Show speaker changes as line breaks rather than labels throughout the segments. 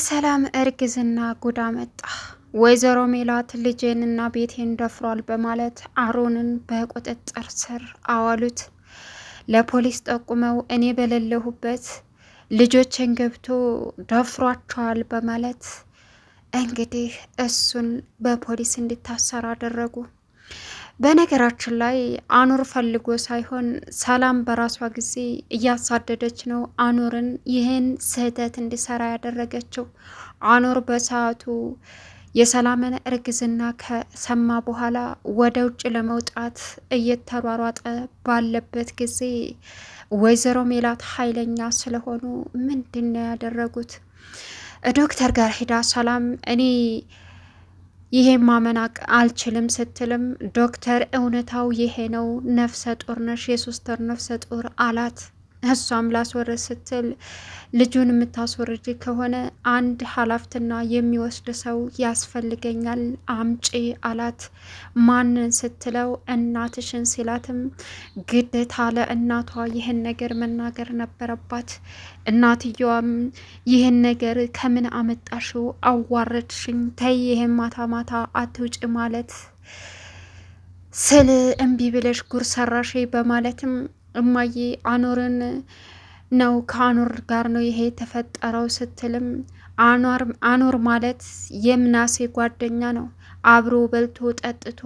የሰላም እርግዝና ጉዳ መጣ። ወይዘሮ ሜላት ልጄንና ቤቴን ደፍሯል በማለት አሮንን በቁጥጥር ስር አዋሉት። ለፖሊስ ጠቁመው እኔ በሌለሁበት ልጆችን ገብቶ ደፍሯቸዋል በማለት እንግዲህ እሱን በፖሊስ እንዲታሰር አደረጉ። በነገራችን ላይ አኑር ፈልጎ ሳይሆን ሰላም በራሷ ጊዜ እያሳደደች ነው አኑርን ይህን ስህተት እንዲሰራ ያደረገችው። አኑር በሰዓቱ የሰላምን እርግዝና ከሰማ በኋላ ወደ ውጭ ለመውጣት እየተሯሯጠ ባለበት ጊዜ ወይዘሮ ሜላት ኃይለኛ ስለሆኑ ምንድን ነው ያደረጉት? ዶክተር ጋር ሂዳ ሰላም እኔ ይሄ ማመን አልችልም ስትልም ዶክተር እውነታው ይሄ ነው ነፍሰ ጡር ነሽ፣ የሶስት ወር ነፍሰ ጡር አላት። እሷም ላስወርድ ስትል ልጁን የምታስወርጅ ከሆነ አንድ ኃላፊትና የሚወስድ ሰው ያስፈልገኛል አምጪ አላት። ማንን ስትለው እናትሽን ሲላትም ግዴታ ለእናቷ ይህን ነገር መናገር ነበረባት። እናትየዋም ይህን ነገር ከምን አመጣሽው? አዋረድሽኝ። ተይ ይህን ማታ ማታ አትውጭ ማለት ስል እምቢ ብለሽ ጉር ሰራሽ በማለትም እማዬ አኖርን ነው ከአኖር ጋር ነው ይሄ የተፈጠረው ስትልም አኖር ማለት የምናሴ ጓደኛ ነው። አብሮ በልቶ ጠጥቶ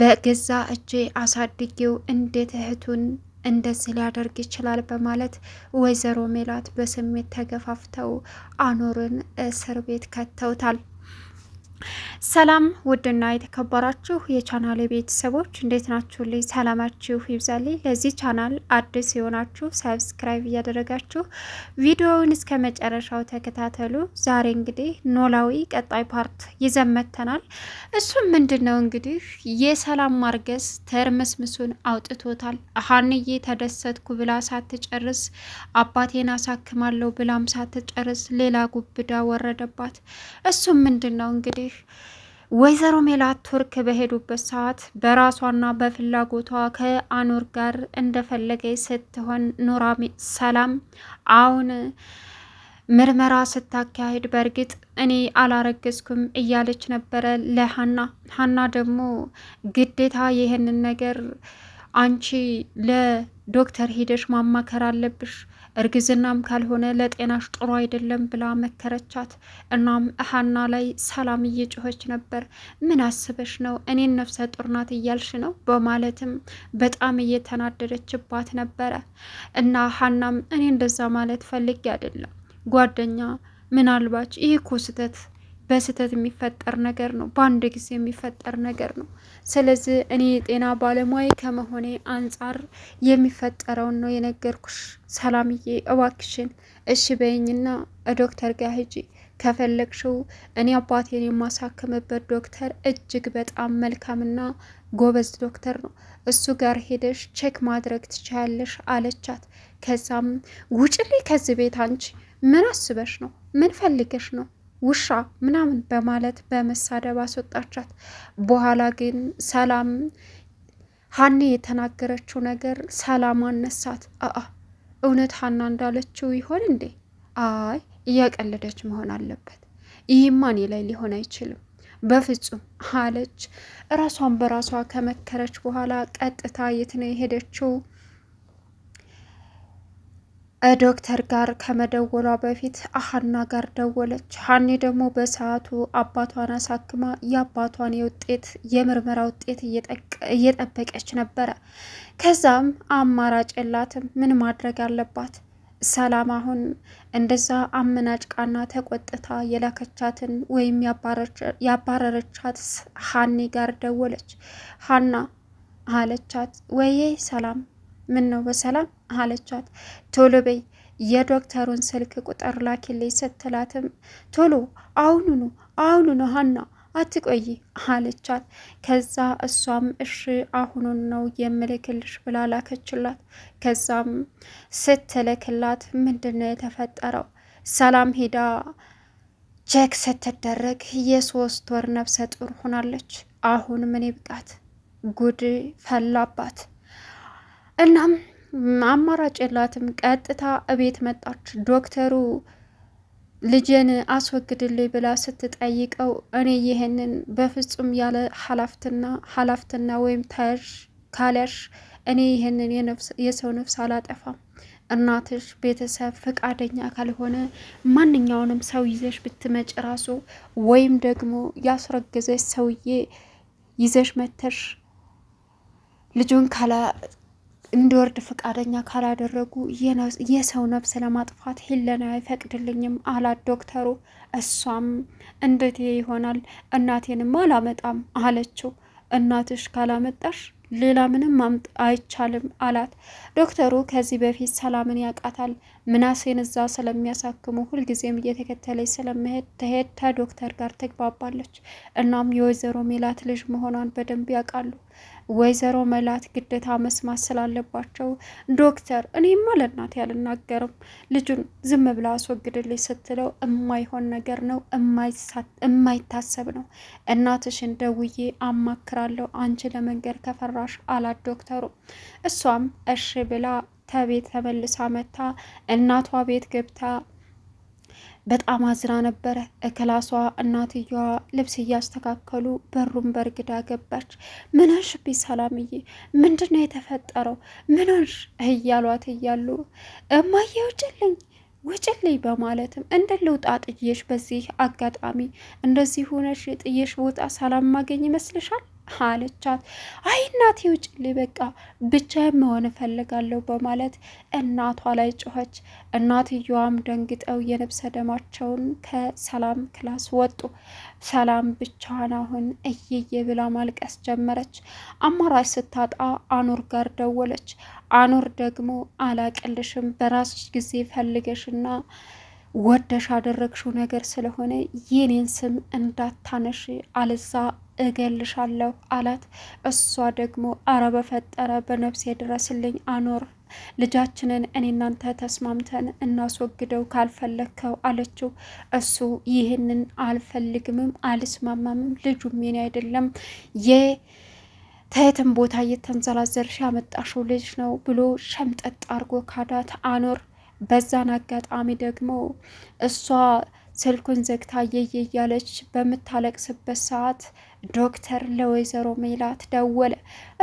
በገዛ እጄ አሳድጌው እንዴት እህቱን እንደዚህ ሊያደርግ ይችላል? በማለት ወይዘሮ ሜላት በስሜት ተገፋፍተው አኖርን እስር ቤት ከተውታል። ሰላም ውድና የተከበራችሁ የቻናል ቤተሰቦች እንዴት ናችሁ? ልኝ ሰላማችሁ ይብዛልኝ። ለዚህ ቻናል አዲስ የሆናችሁ ሰብስክራይብ እያደረጋችሁ ቪዲዮውን እስከ መጨረሻው ተከታተሉ። ዛሬ እንግዲህ ኖላዊ ቀጣይ ፓርት ይዘመተናል። እሱም ምንድን ነው እንግዲህ የሰላም ማርገዝ ተርመስምሱን አውጥቶታል። ሀንዬ ተደሰትኩ ብላ ሳትጨርስ አባቴን አሳክማለሁ ብላም ሳትጨርስ ሌላ ጉብዳ ወረደባት። እሱም ምንድን ነው እንግዲህ ወይዘሮ ሜላት ቱርክ በሄዱበት ሰዓት በራሷና በፍላጎቷ ከአኑር ጋር እንደፈለገች ስትሆን ኑራ ሰላም አሁን ምርመራ ስታካሄድ በእርግጥ እኔ አላረገዝኩም እያለች ነበረ ለሀና። ሀና ደግሞ ግዴታ ይህንን ነገር አንቺ ለዶክተር ሂደሽ ማማከር አለብሽ እርግዝናም ካልሆነ ለጤናሽ ጥሩ አይደለም ብላ መከረቻት። እናም ሀና ላይ ሰላም እየጮኸች ነበር። ምን አስበሽ ነው እኔን ነፍሰ ጡር ናት እያልሽ ነው? በማለትም በጣም እየተናደደችባት ነበረ። እና ሀናም እኔ እንደዛ ማለት ፈልጌ አይደለም ጓደኛ ምናልባች ይህ እኮ ስህተት በስህተት የሚፈጠር ነገር ነው። በአንድ ጊዜ የሚፈጠር ነገር ነው። ስለዚህ እኔ የጤና ባለሙያ ከመሆኔ አንጻር የሚፈጠረውን ነው የነገርኩሽ። ሰላምዬ እባክሽን እሺ በይኝና ዶክተር ጋር ሂጂ ከፈለግሽው እኔ አባቴን የማሳክምበት ዶክተር እጅግ በጣም መልካምና ጎበዝ ዶክተር ነው። እሱ ጋር ሄደሽ ቼክ ማድረግ ትችያለሽ አለቻት። ከዛም ላይ ከዚህ ቤት አንቺ ምን አስበሽ ነው? ምን ፈልገሽ ነው? ውሻ ምናምን በማለት በመሳደብ አስወጣቻት። በኋላ ግን ሰላም ሀኔ የተናገረችው ነገር ሰላም አነሳት። አአ እውነት ሀና እንዳለችው ይሆን እንዴ? አይ እያቀለደች መሆን አለበት። ይህማ እኔ ላይ ሊሆን አይችልም በፍጹም አለች። እራሷን በራሷ ከመከረች በኋላ ቀጥታ የት ነው የሄደችው? ዶክተር ጋር ከመደወሏ በፊት አሀና ጋር ደወለች። ሀኔ ደግሞ በሰዓቱ አባቷን አሳክማ የአባቷን የውጤት የምርመራ ውጤት እየጠበቀች ነበረ። ከዛም አማራጭ የላትም። ምን ማድረግ አለባት? ሰላም አሁን እንደዛ አመናጭቃና ተቆጥታ የላከቻትን ወይም ያባረረቻት ሀኔ ጋር ደወለች። ሀና አለቻት፣ ወይዬ ሰላም ምን ነው በሰላም አለቻት። ቶሎ በይ የዶክተሩን ስልክ ቁጥር ላኪልኝ ስትላትም ቶሎ አሁኑኑ አሁኑኑ ሀና አትቆይ አለቻት። ከዛ እሷም እሺ አሁኑን ነው የምልክልሽ ብላ ላከችላት። ከዛም ስትልክላት ምንድን ነው የተፈጠረው? ሰላም ሄዳ ቼክ ስትደረግ የሶስት ወር ነፍሰ ጡር ሆናለች። አሁን ምን ይብቃት? ጉድ ፈላባት። እናም አማራጭ የላትም። ቀጥታ እቤት መጣች። ዶክተሩ ልጄን አስወግድልኝ ብላ ስትጠይቀው እኔ ይህንን በፍጹም ያለ ሀላፍትና ሀላፍትና ወይም ታያዥ ካልያሽ እኔ ይህንን የሰው ነፍስ አላጠፋም። እናትሽ ቤተሰብ ፈቃደኛ ካልሆነ ማንኛውንም ሰው ይዘሽ ብትመጭ ራሱ ወይም ደግሞ ያስረገዘች ሰውዬ ይዘሽ መተሽ ልጁን እንዲወርድ ፈቃደኛ ካላደረጉ የሰው ነፍስ ለማጥፋት ሂለና አይፈቅድልኝም አላት ዶክተሩ። እሷም እንዴት ይሆናል እናቴንም አላመጣም አለችው። እናትሽ ካላመጣሽ ሌላ ምንም አይቻልም አላት ዶክተሩ። ከዚህ በፊት ሰላምን ያውቃታል። ምናሴን እዛ ስለሚያሳክሙ ሁልጊዜም እየተከተለች ስለመሄድ ተሄድ ከዶክተር ጋር ትግባባለች። እናም የወይዘሮ ሜላት ልጅ መሆኗን በደንብ ያውቃሉ። ወይዘሮ መላት ግዴታ መስማት ስላለባቸው ዶክተር እኔማ ለእናቴ አልናገርም ልጁን ዝም ብላ አስወግድልኝ ስትለው እማይሆን ነገር ነው፣ እማይታሰብ ነው። እናትሽን ደውዬ አማክራለሁ አንቺ ለመንገድ ከፈራሽ አላት ዶክተሩ። እሷም እሺ ብላ ተቤት ተመልሳ መታ እናቷ ቤት ገብታ በጣም አዝና ነበረ። እክላሷ እናትየዋ ልብስ እያስተካከሉ በሩን በርግዳ ገባች። ቢ ሰላምዬ፣ ምንድን ነው የተፈጠረው? ምንሽ እያሏት እያሉ እማዬ ውጭልኝ ውጭልኝ በማለትም እንደ ልውጣ ጥዬሽ፣ በዚህ አጋጣሚ እንደዚህ ሆነሽ ጥዬሽ ቦታ ሰላም ማገኝ ይመስልሻል አለቻት። አይ እናቴ ውጭልኝ፣ በቃ ብቻዬን መሆን እፈልጋለሁ በማለት እናቷ ላይ ጮኸች። እናትየዋም ደንግጠው የነብሰ ደማቸውን ከሰላም ክላስ ወጡ። ሰላም ብቻዋን አሁን እየየ ብላ ማልቀስ ጀመረች። አማራጭ ስታጣ አኑር ጋር ደወለች። አኑር ደግሞ አላቅልሽም በራስሽ ጊዜ ፈልገሽና ወደሽ አደረግሽው ነገር ስለሆነ የኔን ስም እንዳታነሽ አልዛ እገልሻለሁ አላት። እሷ ደግሞ አረ በፈጠረ በነፍሴ ድረስልኝ አኖር ልጃችንን እኔ እናንተ ተስማምተን እናስወግደው ካልፈለግከው አለችው። እሱ ይህንን አልፈልግምም፣ አልስማማምም፣ ልጁ የኔ አይደለም የትም ቦታ እየተንዘላዘርሽ ያመጣሽው ልጅ ነው ብሎ ሸምጠጥ አርጎ ካዳት አኖር። በዛን አጋጣሚ ደግሞ እሷ ስልኩን ዘግታ የየ እያለች በምታለቅስበት ሰዓት ዶክተር ለወይዘሮ ሜላት ደወለ።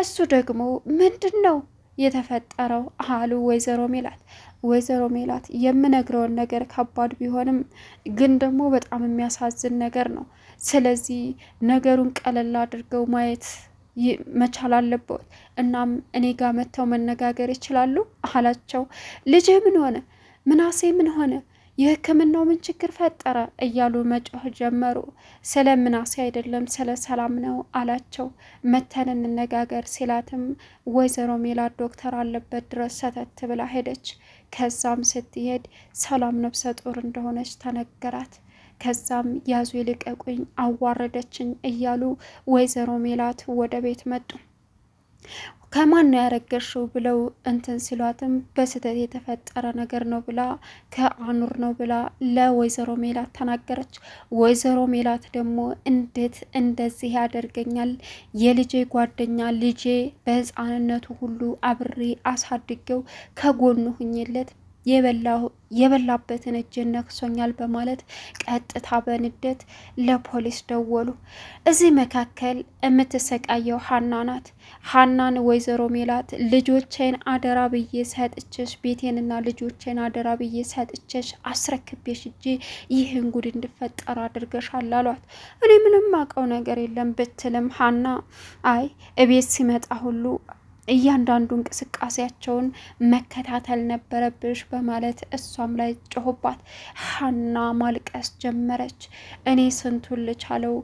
እሱ ደግሞ ምንድን ነው የተፈጠረው አሉ ወይዘሮ ሜላት። ወይዘሮ ሜላት የምነግረውን ነገር ከባድ ቢሆንም ግን ደግሞ በጣም የሚያሳዝን ነገር ነው። ስለዚህ ነገሩን ቀለል አድርገው ማየት መቻል አለበት። እናም እኔ ጋር መጥተው መነጋገር ይችላሉ አላቸው። ልጅህ ምን ሆነ? ምናሴ ምን ሆነ? የህክምናው ምን ችግር ፈጠረ እያሉ መጮህ ጀመሩ። ስለ ምናሴ አይደለም ስለ ሰላም ነው አላቸው። መተን እንነጋገር ሲላትም ወይዘሮ ሜላት ዶክተር አለበት ድረስ ሰተት ብላ ሄደች። ከዛም ስትሄድ ሰላም ነብሰ ጡር እንደሆነች ተነገራት። ከዛም ያዙ ይልቀቁኝ፣ አዋረደችኝ እያሉ ወይዘሮ ሜላት ወደ ቤት መጡ። ከማን ነው ያረገሽው ብለው እንትን ሲሏትም በስህተት የተፈጠረ ነገር ነው ብላ ከአኑር ነው ብላ ለወይዘሮ ሜላት ተናገረች። ወይዘሮ ሜላት ደግሞ እንዴት እንደዚህ ያደርገኛል? የልጄ ጓደኛ ልጄ በህፃንነቱ ሁሉ አብሬ አሳድገው ከጎኑ ሁኝለት የበላበትን እጅ ነክሶኛል በማለት ቀጥታ በንደት ለፖሊስ ደወሉ። እዚህ መካከል የምትሰቃየው ሀና ናት። ሀናን ወይዘሮ ሜላት ልጆቼን አደራ ብዬ ሰጥቼሽ ቤቴንና ልጆቼን አደራ ብዬ ሰጥቼሽ አስረክቤሽ እጂ ይህን ጉድ እንድፈጠር አድርገሻል አሏት። እኔ ምንም አውቀው ነገር የለም ብትልም ሀና አይ እቤት ሲመጣ ሁሉ እያንዳንዱ እንቅስቃሴያቸውን መከታተል ነበረብሽ በማለት እሷም ላይ ጮሆባት፣ ሀና ማልቀስ ጀመረች። እኔ ስንቱን ልቻለው፣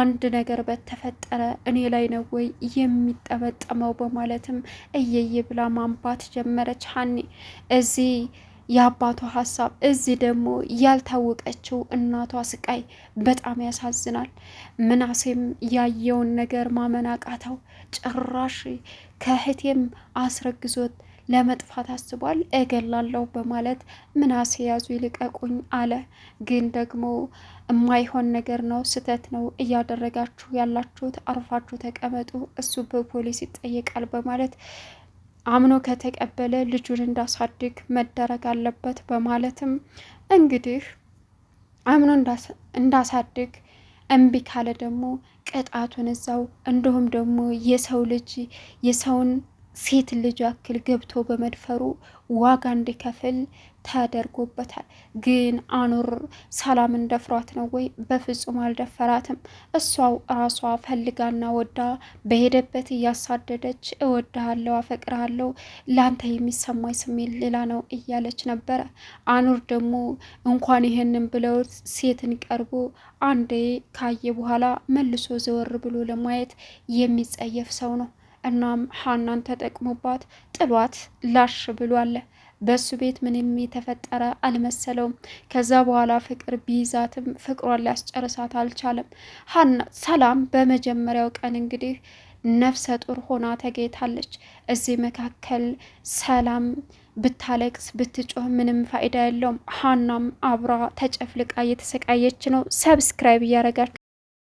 አንድ ነገር በተፈጠረ እኔ ላይ ነው ወይ የሚጠመጠመው? በማለትም እየየ ብላ ማንባት ጀመረች። ሀኒ እዚህ የአባቷ ሀሳብ እዚህ ደግሞ ያልታወቀችው እናቷ ስቃይ በጣም ያሳዝናል። ምናሴም ያየውን ነገር ማመን አቃተው። ጭራሽ ከህቴም አስረግዞት ለመጥፋት አስቧል፣ እገላለሁ በማለት ምናሴ ያዙ ይልቀቁኝ አለ። ግን ደግሞ የማይሆን ነገር ነው፣ ስህተት ነው እያደረጋችሁ ያላችሁት፣ አርፋችሁ ተቀመጡ፣ እሱ በፖሊስ ይጠየቃል በማለት አምኖ ከተቀበለ ልጁን እንዳሳድግ መደረግ አለበት በማለትም እንግዲህ አምኖ እንዳሳድግ እምቢ ካለ ደግሞ ቅጣቱን እዛው እንዲሁም ደግሞ የሰው ልጅ የሰውን ሴት ልጅ አክል ገብቶ በመድፈሩ ዋጋ እንዲከፍል ተደርጎበታል። ግን አኑር ሰላም እንደፍሯት ነው ወይ? በፍጹም አልደፈራትም። እሷው ራሷ ፈልጋና ወዳ በሄደበት እያሳደደች እወዳሃለው፣ አፈቅርሃለው፣ ለአንተ የሚሰማኝ ስሜት ሌላ ነው እያለች ነበረ። አኑር ደግሞ እንኳን ይህንን ብለውት ሴትን ቀርቦ አንዴ ካየ በኋላ መልሶ ዘወር ብሎ ለማየት የሚጸየፍ ሰው ነው። እናም ሀናን ተጠቅሞባት ጥሏት ላሽ ብሏል። በሱ ቤት ምንም የተፈጠረ አልመሰለውም። ከዛ በኋላ ፍቅር ቢይዛትም ፍቅሯን ሊያስጨርሳት አልቻለም። ሀና ሰላም በመጀመሪያው ቀን እንግዲህ ነፍሰ ጡር ሆና ተገኝታለች። እዚህ መካከል ሰላም ብታለቅስ ብትጮህ ምንም ፋይዳ የለውም። ሀናም አብራ ተጨፍልቃ እየተሰቃየች ነው። ሰብስክራይብ እያረጋችሁ